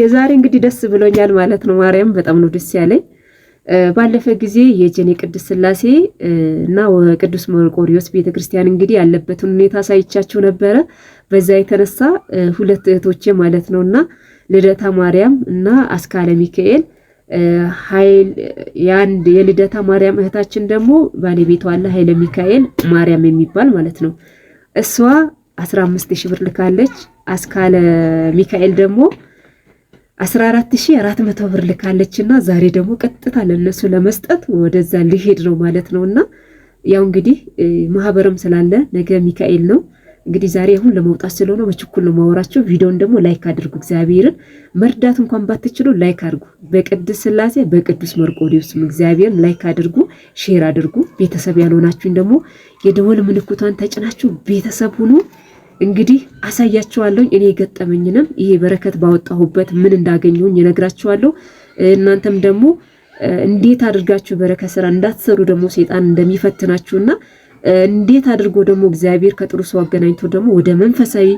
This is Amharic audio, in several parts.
የዛሬ እንግዲህ ደስ ብሎኛል ማለት ነው። ማርያም በጣም ነው ደስ ያለኝ። ባለፈ ጊዜ የጀኔ ቅድስት ስላሴ እና ቅዱስ መርቆሪዎስ ቤተክርስቲያን እንግዲህ ያለበትን ሁኔታ ሳይቻቸው ነበረ። በዛ የተነሳ ሁለት እህቶቼ ማለት ነው እና ልደታ ማርያም እና አስካለ ሚካኤል ኃይል የአንድ የልደታ ማርያም እህታችን ደግሞ ባለቤቷ አለ ኃይለ ሚካኤል ማርያም የሚባል ማለት ነው። እሷ 15 ሺህ ብር ልካለች። አስካለ ሚካኤል ደግሞ 14400 ብር ልካለች እና ዛሬ ደግሞ ቀጥታ ለነሱ ለመስጠት ወደዛ ሊሄድ ነው ማለት ነው። እና ያው እንግዲህ ማህበርም ስላለ ነገ ሚካኤል ነው እንግዲህ ዛሬ አሁን ለመውጣት ስለሆነ በችኩል ነው ማወራቸው። ቪዲዮን ደግሞ ላይክ አድርጉ። እግዚአብሔርን መርዳት እንኳን ባትችሉ ላይክ አድርጉ። በቅድስ ስላሴ በቅዱስ መርቆሪዎስ እግዚአብሔርን ላይክ አድርጉ፣ ሼር አድርጉ። ቤተሰብ ያልሆናችሁኝ ደግሞ የደወል ምልክቷን ተጭናችሁ ቤተሰብ ሁኑ። እንግዲህ አሳያቸዋለሁኝ። እኔ የገጠመኝንም ይሄ በረከት ባወጣሁበት ምን እንዳገኘሁኝ እነግራቸዋለሁ። እናንተም ደግሞ እንዴት አድርጋችሁ በረከት ስራ እንዳትሰሩ ደግሞ ሴጣን እንደሚፈትናችሁና እንዴት አድርጎ ደግሞ እግዚአብሔር ከጥሩ ሰው አገናኝቶ ደግሞ ወደ መንፈሳዊ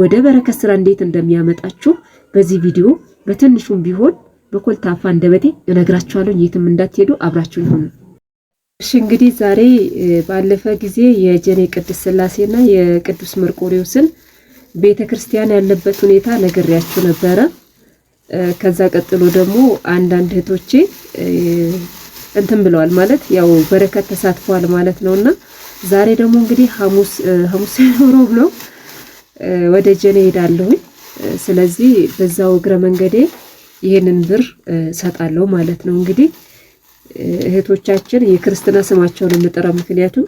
ወደ በረከት ስራ እንዴት እንደሚያመጣችሁ በዚህ ቪዲዮ በትንሹም ቢሆን በኮልታፋ እንደበቴ እነግራችኋለሁ። የትም እንዳትሄዱ አብራችሁ ይሁኑ። እሺ እንግዲህ ዛሬ ባለፈ ጊዜ የጀኔ ቅዱስ ስላሴና የቅዱስ መርቆሬዎስን ቤተ ክርስቲያን ያለበት ሁኔታ ነግሬያችሁ ነበረ። ከዛ ቀጥሎ ደግሞ አንዳንድ እህቶቼ እንትን ብለዋል ማለት ያው በረከት ተሳትፈዋል ማለት ነው። እና ዛሬ ደግሞ እንግዲህ ሐሙስ ሐሙስ ሮብ ነው፣ ወደ ጀኔ ሄዳለሁኝ። ስለዚህ በዛው እግረ መንገዴ ይህንን ብር እሰጣለሁ ማለት ነው እንግዲህ እህቶቻችን የክርስትና ስማቸውን የምጠራው ምክንያቱም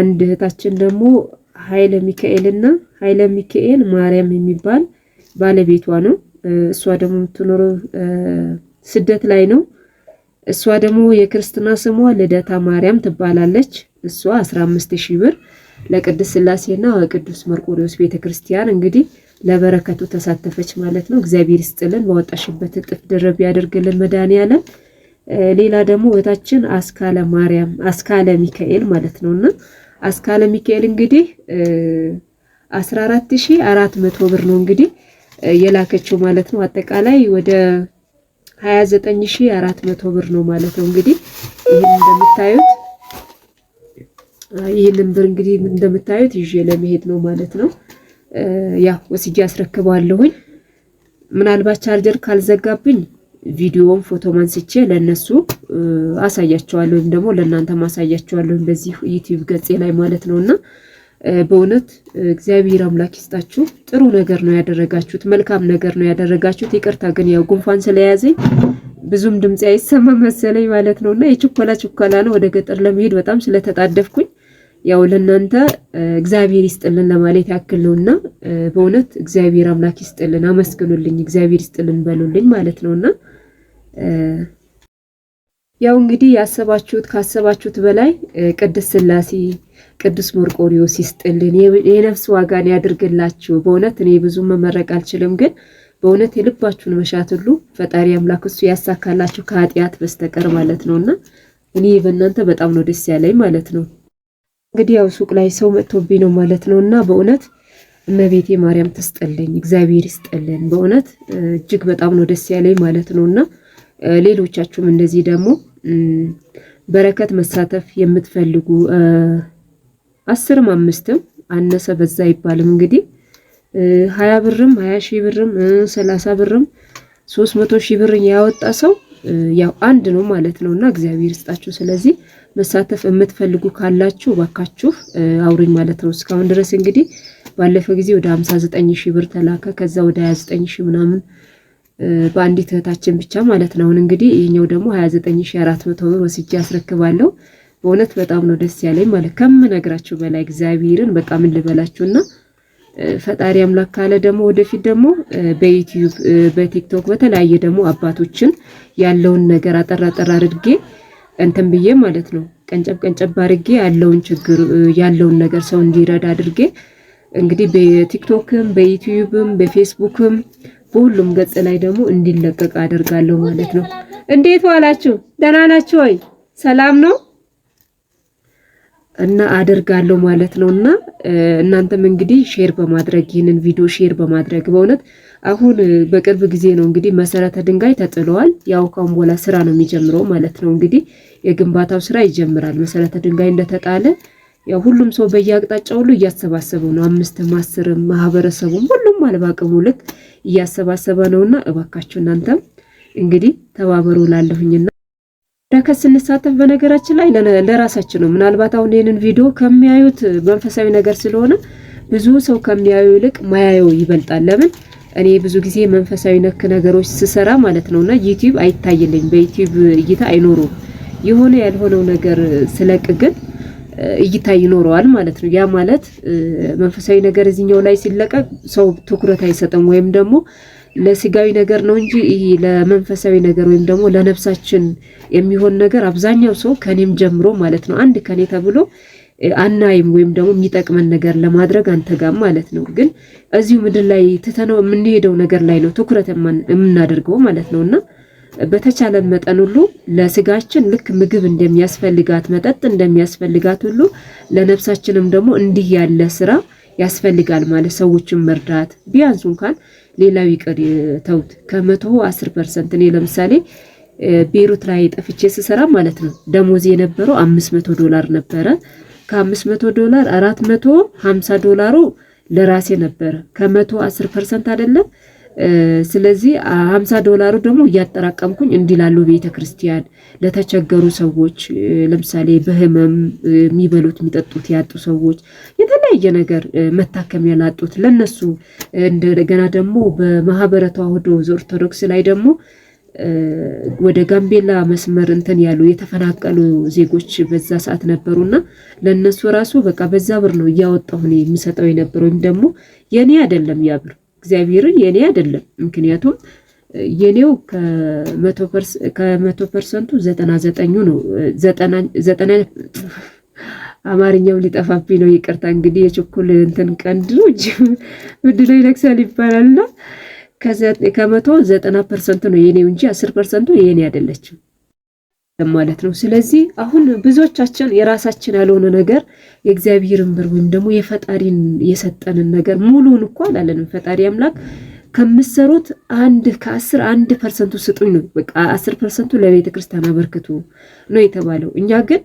አንድ እህታችን ደግሞ ኃይለ ሚካኤልና ኃይለ ሚካኤል ማርያም የሚባል ባለቤቷ ነው። እሷ ደግሞ የምትኖረው ስደት ላይ ነው። እሷ ደግሞ የክርስትና ስሟ ልደታ ማርያም ትባላለች። እሷ 15 ሺህ ብር ለቅድስት ስላሴና ቅዱስ መርቆሪዎስ ቤተክርስቲያን እንግዲህ ለበረከቱ ተሳተፈች ማለት ነው። እግዚአብሔር ይስጥልን፣ በወጣሽበት እጥፍ ድርብ ያደርግልን መድኃኔዓለም። ሌላ ደግሞ እህታችን አስካለ ማርያም አስካለ ሚካኤል ማለት እና አስካለ ሚካኤል እንግዲህ 14400 ብር ነው እንግዲህ የላከችው ማለት ነው። አጠቃላይ ወደ 29400 ብር ነው ማለት ነው። እንግዲህ ይሄን እንደምታዩት ይሄንን ብር እንግዲህ እንደምታዩት ይዤ ለመሄድ ነው ማለት ነው። ያው ወስጄ አስረክበዋለሁኝ። ምናልባት ቻርጀር ካልዘጋብኝ ቪዲዮውን ፎቶ ማንስቼ ለነሱ አሳያቸዋለሁ ወይም ደግሞ ለእናንተ ማሳያቸዋለሁ በዚህ ዩቲዩብ ገጼ ላይ ማለት ነው። እና በእውነት እግዚአብሔር አምላክ ይስጣችሁ። ጥሩ ነገር ነው ያደረጋችሁት፣ መልካም ነገር ነው ያደረጋችሁት። ይቅርታ ግን ያው ጉንፋን ስለያዘኝ ብዙም ድምፅ አይሰማ መሰለኝ ማለት ነው እና የችኮላ ችኮላ ነው ወደ ገጠር ለመሄድ በጣም ስለተጣደፍኩኝ ያው ለእናንተ እግዚአብሔር ይስጥልን ለማለት ያክል ነውና በእውነት እግዚአብሔር አምላክ ይስጥልን፣ አመስግኑልኝ፣ እግዚአብሔር ይስጥልን በሉልኝ ማለት ነውና ያው እንግዲህ ያሰባችሁት ካሰባችሁት በላይ ቅድስት ስላሴ ቅዱስ መርቆሪዎስ ይስጥልን፣ የነፍስ ዋጋን ያድርግላችሁ። በእውነት እኔ ብዙ መመረቅ አልችልም፣ ግን በእውነት የልባችሁን መሻት ሁሉ ፈጣሪ አምላክ እሱ ያሳካላችሁ ከኃጢአት በስተቀር ማለት ነውና እኔ በእናንተ በጣም ነው ደስ ያለኝ ማለት ነው። እንግዲህ ያው ሱቅ ላይ ሰው መጥቶብኝ ነው ማለት ነው። እና በእውነት እመቤቴ ማርያም ትስጠልኝ፣ እግዚአብሔር ይስጠልን። በእውነት እጅግ በጣም ነው ደስ ያለኝ ማለት ነው። እና ሌሎቻችሁም እንደዚህ ደግሞ በረከት መሳተፍ የምትፈልጉ አስርም አምስትም አነሰ በዛ አይባልም እንግዲህ ሀያ ብርም ሀያ ሺህ ብርም ሰላሳ ብርም ሶስት መቶ ሺህ ብር ያወጣ ሰው ያው አንድ ነው ማለት ነው እና እግዚአብሔር ይስጣችሁ። ስለዚህ መሳተፍ የምትፈልጉ ካላችሁ ባካችሁ አውሩኝ ማለት ነው። እስካሁን ድረስ እንግዲህ ባለፈ ጊዜ ወደ 59 ሺህ ብር ተላከ። ከዛ ወደ 29 ሺህ ምናምን በአንዲት እህታችን ብቻ ማለት ነው። አሁን እንግዲህ ይህኛው ደግሞ 29400 ብር ወስጄ አስረክባለሁ። በእውነት በጣም ነው ደስ ያለኝ ማለት ከምነግራችሁ በላይ እግዚአብሔርን በጣም ልበላችሁና ፈጣሪ አምላክ ካለ ደግሞ ወደፊት ደግሞ በዩቲዩብ በቲክቶክ በተለያየ ደግሞ አባቶችን ያለውን ነገር አጠራ አጠራ አድርጌ እንትን ብዬ ማለት ነው ቀንጨብ ቀንጨብ አድርጌ ያለውን ችግር ያለውን ነገር ሰው እንዲረዳ አድርጌ እንግዲህ በቲክቶክም በዩቲዩብም በፌስቡክም በሁሉም ገጽ ላይ ደግሞ እንዲለቀቅ አደርጋለሁ ማለት ነው። እንዴት ዋላችሁ? ደህና ናችሁ ወይ? ሰላም ነው? እና አደርጋለሁ ማለት ነው። እና እናንተም እንግዲህ ሼር በማድረግ ይህንን ቪዲዮ ሼር በማድረግ በእውነት አሁን በቅርብ ጊዜ ነው እንግዲህ መሰረተ ድንጋይ ተጥለዋል። ያው ካሁን በኋላ ስራ ነው የሚጀምረው ማለት ነው። እንግዲህ የግንባታው ስራ ይጀምራል። መሰረተ ድንጋይ እንደተጣለ ያው ሁሉም ሰው በየአቅጣጫው ሁሉ እያሰባሰበ ነው። አምስትም አስርም ማህበረሰቡም ሁሉም አልባቅሙ ልክ እያሰባሰበ ነውና እባካችሁ እናንተም እንግዲህ ተባበሩ ላለሁኝና በከስ ስንሳተፍ በነገራችን ላይ ለራሳችን ነው። ምናልባት አሁን ይህንን ቪዲዮ ከሚያዩት መንፈሳዊ ነገር ስለሆነ ብዙ ሰው ከሚያዩ ይልቅ ማያየው ይበልጣል። ለምን እኔ ብዙ ጊዜ መንፈሳዊ ነክ ነገሮች ስሰራ ማለት ነውና ዩቲዩብ አይታይልኝ፣ በዩቲዩብ እይታ አይኖሩም። የሆነ ያልሆነው ነገር ስለቅ ግን እይታ ይኖረዋል ማለት ነው። ያ ማለት መንፈሳዊ ነገር እዚህኛው ላይ ሲለቀቅ ሰው ትኩረት አይሰጥም ወይም ደግሞ ለስጋዊ ነገር ነው እንጂ ይሄ ለመንፈሳዊ ነገር ወይም ደግሞ ለነፍሳችን የሚሆን ነገር አብዛኛው ሰው ከኔም ጀምሮ ማለት ነው አንድ ከኔ ተብሎ አናይም ወይም ደግሞ የሚጠቅመን ነገር ለማድረግ ጋር ማለት ነው። ግን እዚሁ ምድር ላይ ትተነው የምንሄደው ነገር ላይ ነው ትኩረት የምናደርገው ማለት ነው እና በተቻለን መጠን ሁሉ ለስጋችን ልክ ምግብ እንደሚያስፈልጋት መጠጥ እንደሚያስፈልጋት ሁሉ ለነፍሳችንም ደግሞ እንዲህ ያለ ስራ ያስፈልጋል ማለት ሰዎችን መርዳት ቢያንስ እንኳን ሌላው ይቀር ተውት። ከመቶ አስር ፐርሰንት እኔ ለምሳሌ ቤሩት ላይ ጠፍቼ ስሰራ ማለት ነው ደሞዝ የነበረው አምስት መቶ ዶላር ነበረ። ከአምስት መቶ ዶላር አራት መቶ ሀምሳ ዶላሩ ለራሴ ነበረ። ከመቶ አስር ፐርሰንት አይደለም ስለዚህ 50 ዶላሩ ደግሞ እያጠራቀምኩኝ እንዲላሉ ቤተ ክርስቲያን ለተቸገሩ ሰዎች ለምሳሌ በህመም የሚበሉት የሚጠጡት ያጡ ሰዎች የተለያየ ነገር መታከም ያላጡት ለነሱ እንደገና ደግሞ በማህበረ ተዋሕዶ ኦርቶዶክስ ላይ ደግሞ ወደ ጋምቤላ መስመር እንትን ያሉ የተፈናቀሉ ዜጎች በዛ ሰዓት ነበሩና ለነሱ ራሱ በቃ በዛ ብር ነው እያወጣሁ የሚሰጠው የምሰጠው የነበረ ወይም ደግሞ የኔ አይደለም ያ ብር እግዚአብሔርን የኔ አይደለም። ምክንያቱም የኔው ከመቶ ፐርሰንቱ ዘጠና ዘጠኙ ነው ዘጠና አማርኛው ሊጠፋብኝ ነው። ይቅርታ እንግዲህ የችኩል እንትን ቀንድ ነው እጅ ምድለ ይለቅሳል ይባላልና ከመቶ ዘጠና ፐርሰንቱ ነው የኔው እንጂ አስር ፐርሰንቱ የኔ አይደለችም። ማለት ነው። ስለዚህ አሁን ብዙዎቻችን የራሳችን ያልሆነ ነገር የእግዚአብሔርን ብር ወይም ደግሞ የፈጣሪን የሰጠንን ነገር ሙሉን እኮ አላለንም። ፈጣሪ አምላክ ከምሰሩት አንድ ከአስር አንድ ፐርሰንቱ ስጡኝ ነው። በቃ አስር ፐርሰንቱ ለቤተ ክርስቲያን አበርክቱ ነው የተባለው። እኛ ግን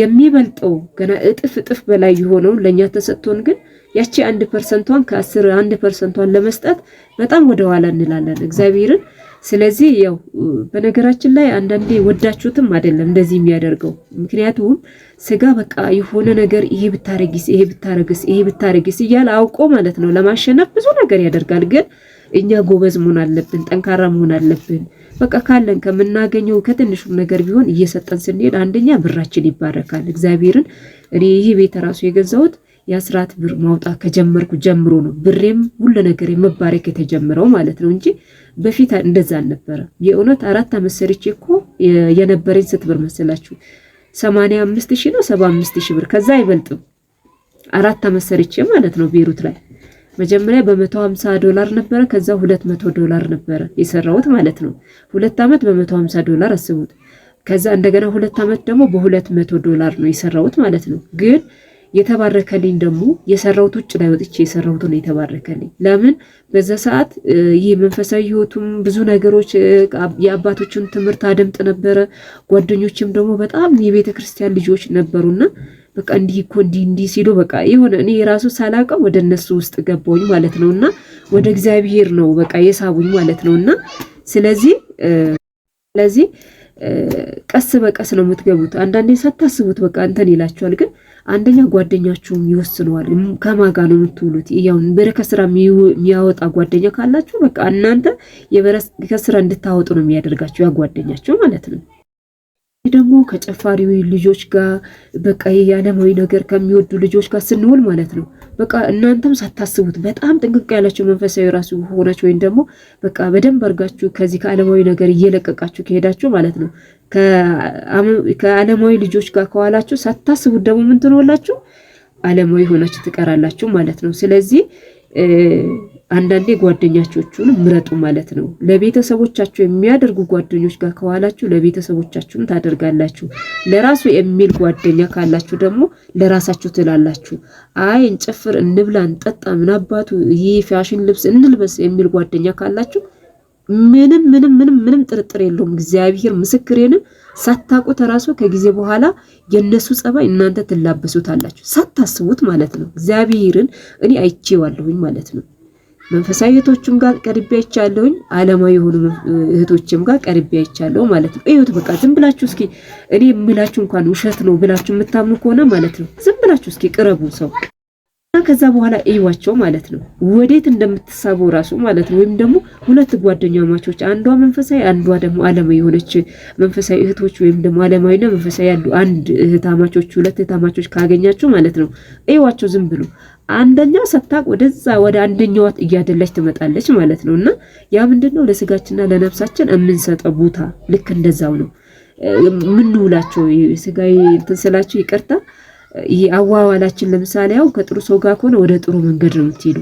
የሚበልጠው ገና እጥፍ እጥፍ በላይ የሆነውን ለእኛ ተሰጥቶን ግን ያቺ አንድ ፐርሰንቷን ከአስር አንድ ፐርሰንቷን ለመስጠት በጣም ወደኋላ እንላለን እግዚአብሔርን ስለዚህ ያው በነገራችን ላይ አንዳንዴ ወዳችሁትም አይደለም እንደዚህ የሚያደርገው። ምክንያቱም ስጋ በቃ የሆነ ነገር ይሄ ብታረጊስ፣ ይሄ ብታረግስ ይሄ ብታረግስ እያለ አውቆ ማለት ነው ለማሸነፍ ብዙ ነገር ያደርጋል። ግን እኛ ጎበዝ መሆን አለብን፣ ጠንካራ መሆን አለብን። በቃ ካለን ከምናገኘው ከትንሹም ነገር ቢሆን እየሰጠን ስንሄድ አንደኛ ብራችን ይባረካል። እግዚአብሔርን እኔ ይሄ ቤት ራሱ የገዛሁት የአስራት ብር ማውጣት ከጀመርኩ ጀምሮ ነው ብሬም ሁሉ ነገር መባረክ የተጀመረው ማለት ነው እንጂ በፊት እንደዛ አልነበረ። የእውነት አራት አመት ሰርቼ እኮ የነበረኝ ስት ብር መሰላችሁ? ሰማንያ አምስት ነው ሰባ አምስት ሺ ብር ከዛ አይበልጥም። አራት አመት ሰርቼ ማለት ነው ቤሩት ላይ መጀመሪያ በመቶ ሀምሳ ዶላር ነበረ። ከዛ ሁለት መቶ ዶላር ነበረ የሰራሁት ማለት ነው። ሁለት አመት በመቶ ሀምሳ ዶላር አስቡት። ከዛ እንደገና ሁለት አመት ደግሞ በሁለት መቶ ዶላር ነው የሰራሁት ማለት ነው ግን የተባረከልኝ ደግሞ የሰራሁት ውጭ ላይ ወጥቼ የሰራሁት ነው የተባረከልኝ። ለምን በዛ ሰዓት ይህ መንፈሳዊ ህይወቱም ብዙ ነገሮች የአባቶችን ትምህርት አደምጥ ነበረ። ጓደኞችም ደግሞ በጣም የቤተ ክርስቲያን ልጆች ነበሩና በቃ እንዲህ እኮ እንዲህ እንዲህ ሲሉ በቃ የሆነ እኔ የራሱ ሳላውቀው ወደ እነሱ ውስጥ ገባሁኝ ማለት ነው። እና ወደ እግዚአብሔር ነው በቃ የሳቡኝ ማለት ነው እና ስለዚህ ስለዚህ ቀስ በቀስ ነው የምትገቡት። አንዳንዴ ሳታስቡት በቃ እንትን ይላችኋል። ግን አንደኛ ጓደኛችሁም ይወስነዋል። ከማጋ ነው የምትውሉት። ያው በረከት ስራ የሚያወጣ ጓደኛ ካላችሁ በቃ እናንተ የበረከት ስራ እንድታወጡ ነው የሚያደርጋችሁ ያ ጓደኛችሁ ማለት ነው። ይህ ደግሞ ከጨፋሪ ልጆች ጋር በቃ የዓለማዊ ነገር ከሚወዱ ልጆች ጋር ስንውል ማለት ነው። በቃ እናንተም ሳታስቡት በጣም ጥንቅቅ ያላችሁ መንፈሳዊ ራሱ ሆናችሁ ወይም ደግሞ በቃ በደንብ አድርጋችሁ ከዚህ ከዓለማዊ ነገር እየለቀቃችሁ ከሄዳችሁ ማለት ነው ከዓለማዊ ልጆች ጋር ከዋላችሁ ሳታስቡት ደግሞ ምን ዓለማዊ ሆናችሁ ትቀራላችሁ ማለት ነው። ስለዚህ አንዳንዴ ጓደኛቾቹን ምረጡ ማለት ነው። ለቤተሰቦቻችሁ የሚያደርጉ ጓደኞች ጋር ከዋላችሁ ለቤተሰቦቻችሁም ታደርጋላችሁ። ለራሱ የሚል ጓደኛ ካላችሁ ደግሞ ለራሳችሁ ትላላችሁ። አይ እንጨፍር፣ እንብላ፣ እንጠጣ፣ ምን አባቱ ይህ ፋሽን ልብስ እንልበስ የሚል ጓደኛ ካላችሁ ምንም ምንም ምንም ምንም ጥርጥር የለውም። እግዚአብሔር ምስክሬንም ሳታውቁት ራሱ ከጊዜ በኋላ የነሱ ጸባይ እናንተ ትላበሱታላችሁ፣ ሳታስቡት ማለት ነው። እግዚአብሔርን እኔ አይቼዋለሁኝ ማለት ነው። መንፈሳዊ እህቶችም ጋር ቀርቤ አይቻለሁኝ፣ አለማዊ የሆኑ እህቶችም ጋር ቀርቤ አይቻለሁ ማለት ነው። እዩት፣ በቃ ዝም ብላችሁ እስኪ እኔ የምላችሁ እንኳን ውሸት ነው ብላችሁ የምታምኑ ከሆነ ማለት ነው ዝም ብላችሁ እስኪ ቅረቡ ሰው እና ከዛ በኋላ እዩዋቸው ማለት ነው፣ ወዴት እንደምትሳቡ ራሱ ማለት ነው። ወይም ደግሞ ሁለት ጓደኛ ማቾች፣ አንዷ መንፈሳዊ አንዷ ደግሞ አለማዊ የሆነች መንፈሳዊ እህቶች ወይም ደግሞ ዓለማዊና መንፈሳዊ ያሉ አንድ እህታማቾች ሁለት እህታማቾች ካገኛችሁ ማለት ነው እዩዋቸው ዝም ብሎ አንደኛው ሳታውቅ ወደዛ ወደ አንደኛዋ እያደላች ትመጣለች ማለት ነው። እና ያ ምንድነው ለስጋችንና ለነፍሳችን የምንሰጠው ቦታ ልክ እንደዛው ነው። ምንውላቸው ስጋዊ እንትን ስላቸው ይቅርታ ይሄ አዋዋላችን ለምሳሌ ያው ከጥሩ ሰው ጋር ከሆነ ወደ ጥሩ መንገድ ነው የምትሄዱ።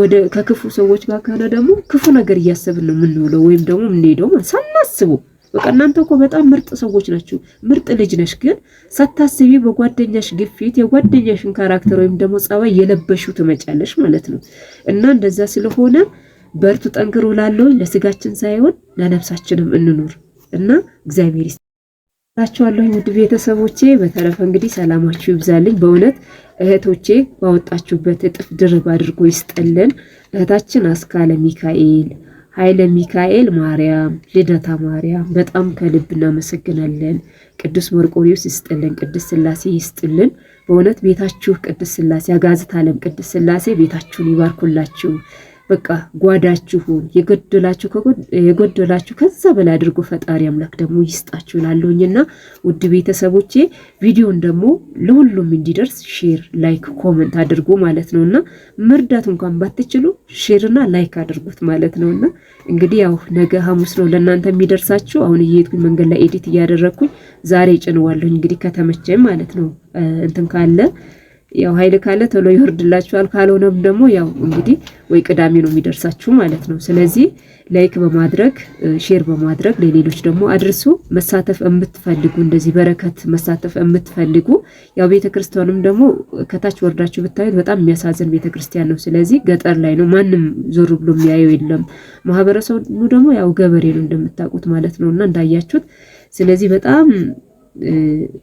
ወደ ከክፉ ሰዎች ጋር ከሆነ ደግሞ ክፉ ነገር እያሰብን ነው የምንውለው ወይም ደግሞ የምንሄደው ሳናስቡ በቃ እናንተ እኮ በጣም ምርጥ ሰዎች ናችሁ። ምርጥ ልጅ ነሽ፣ ግን ሳታስቢ በጓደኛሽ ግፊት የጓደኛሽን ካራክተር ወይም ደግሞ ጸባይ የለበሹ ትመጫለሽ ማለት ነው። እና እንደዛ ስለሆነ በርቱ፣ ጠንክሩ። ላለው ለስጋችን ሳይሆን ለነፍሳችንም እንኑር እና እግዚአብሔር ይስጥላችኋለሁኝ ውድ ቤተሰቦቼ። በተረፈ እንግዲህ ሰላማችሁ ይብዛልኝ በእውነት እህቶቼ ባወጣችሁበት እጥፍ ድርብ አድርጎ ይስጠልን። እህታችን አስካለ ሚካኤል ኃይለ ሚካኤል ማርያም፣ ልደታ ማርያም በጣም ከልብ እናመሰግናለን። ቅዱስ መርቆሪዎስ ይስጥልን፣ ቅዱስ ስላሴ ይስጥልን። በእውነት ቤታችሁ ቅዱስ ስላሴ አጋዝት ዓለም ቅዱስ ስላሴ ቤታችሁን ይባርኩላችሁ። በቃ ጓዳችሁን የጎደላችሁ ከዛ በላይ አድርጎ ፈጣሪ አምላክ ደግሞ ይስጣችሁ እና ውድ ቤተሰቦቼ ቪዲዮን ደግሞ ለሁሉም እንዲደርስ ሼር፣ ላይክ፣ ኮመንት አድርጎ ማለት እና መርዳት እንኳን ባትችሉ ሼርና ላይክ አድርጉት ማለት ነውና እንግዲህ ያው ነገ ሐሙስ ነው ለእናንተ የሚደርሳችሁ። አሁን እየሄድኩኝ መንገድ ላይ ኤዲት እያደረግኩኝ ዛሬ ጭንዋለሁኝ እንግዲህ ከተመቸኝ ማለት ነው እንትን ካለ ያው ኃይል ካለ ቶሎ ይወርድላችኋል። ካልሆነም ደግሞ ያው እንግዲህ ወይ ቅዳሜ ነው የሚደርሳችሁ ማለት ነው። ስለዚህ ላይክ በማድረግ ሼር በማድረግ ለሌሎች ደግሞ አድርሱ። መሳተፍ የምትፈልጉ እንደዚህ በረከት መሳተፍ የምትፈልጉ ያው ቤተክርስቲያኑም ደግሞ ከታች ወርዳችሁ ብታዩት በጣም የሚያሳዝን ቤተክርስቲያን ነው። ስለዚህ ገጠር ላይ ነው፣ ማንም ዞር ብሎ የሚያየው የለም። ማህበረሰቡ ደግሞ ያው ገበሬ ነው እንደምታውቁት ማለት ነው እና እንዳያችሁት ስለዚህ በጣም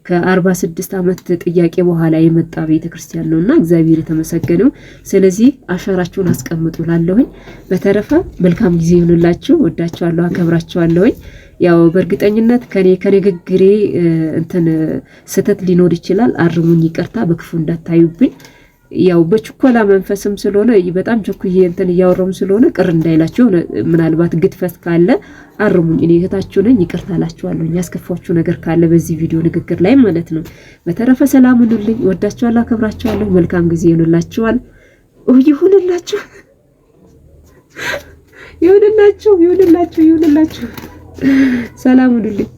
ከአርባ ስድስት ዓመት ጥያቄ በኋላ የመጣ ቤተ ክርስቲያን ነው እና እግዚአብሔር የተመሰገነው። ስለዚህ አሻራችሁን አስቀምጡ ላለሁኝ። በተረፈ መልካም ጊዜ ይሁንላችሁ። ወዳችኋለሁ፣ አከብራችኋለሁኝ። ያው በእርግጠኝነት ከኔ ከንግግሬ እንትን ስህተት ሊኖር ይችላል። አርሙኝ፣ ይቅርታ በክፉ እንዳታዩብኝ። ያው በችኮላ መንፈስም ስለሆነ በጣም ቸኩዬ እንትን እያወረሙ ስለሆነ ቅር እንዳይላችሁ ምናልባት ግድፈት ካለ አርሙኝ። እኔ እህታችሁ ነኝ፣ ይቅርታ ላችኋለሁ። ያስከፋችሁ ነገር ካለ በዚህ ቪዲዮ ንግግር ላይ ማለት ነው። በተረፈ ሰላም ሁኑልኝ። ወዳችኋለሁ፣ አከብራችኋለሁ። መልካም ጊዜ ይሁንላችኋል። ይሁንላችሁ፣ ይሁንላችሁ፣ ይሁንላችሁ፣ ይሁንላችሁ። ሰላም ሁኑልኝ።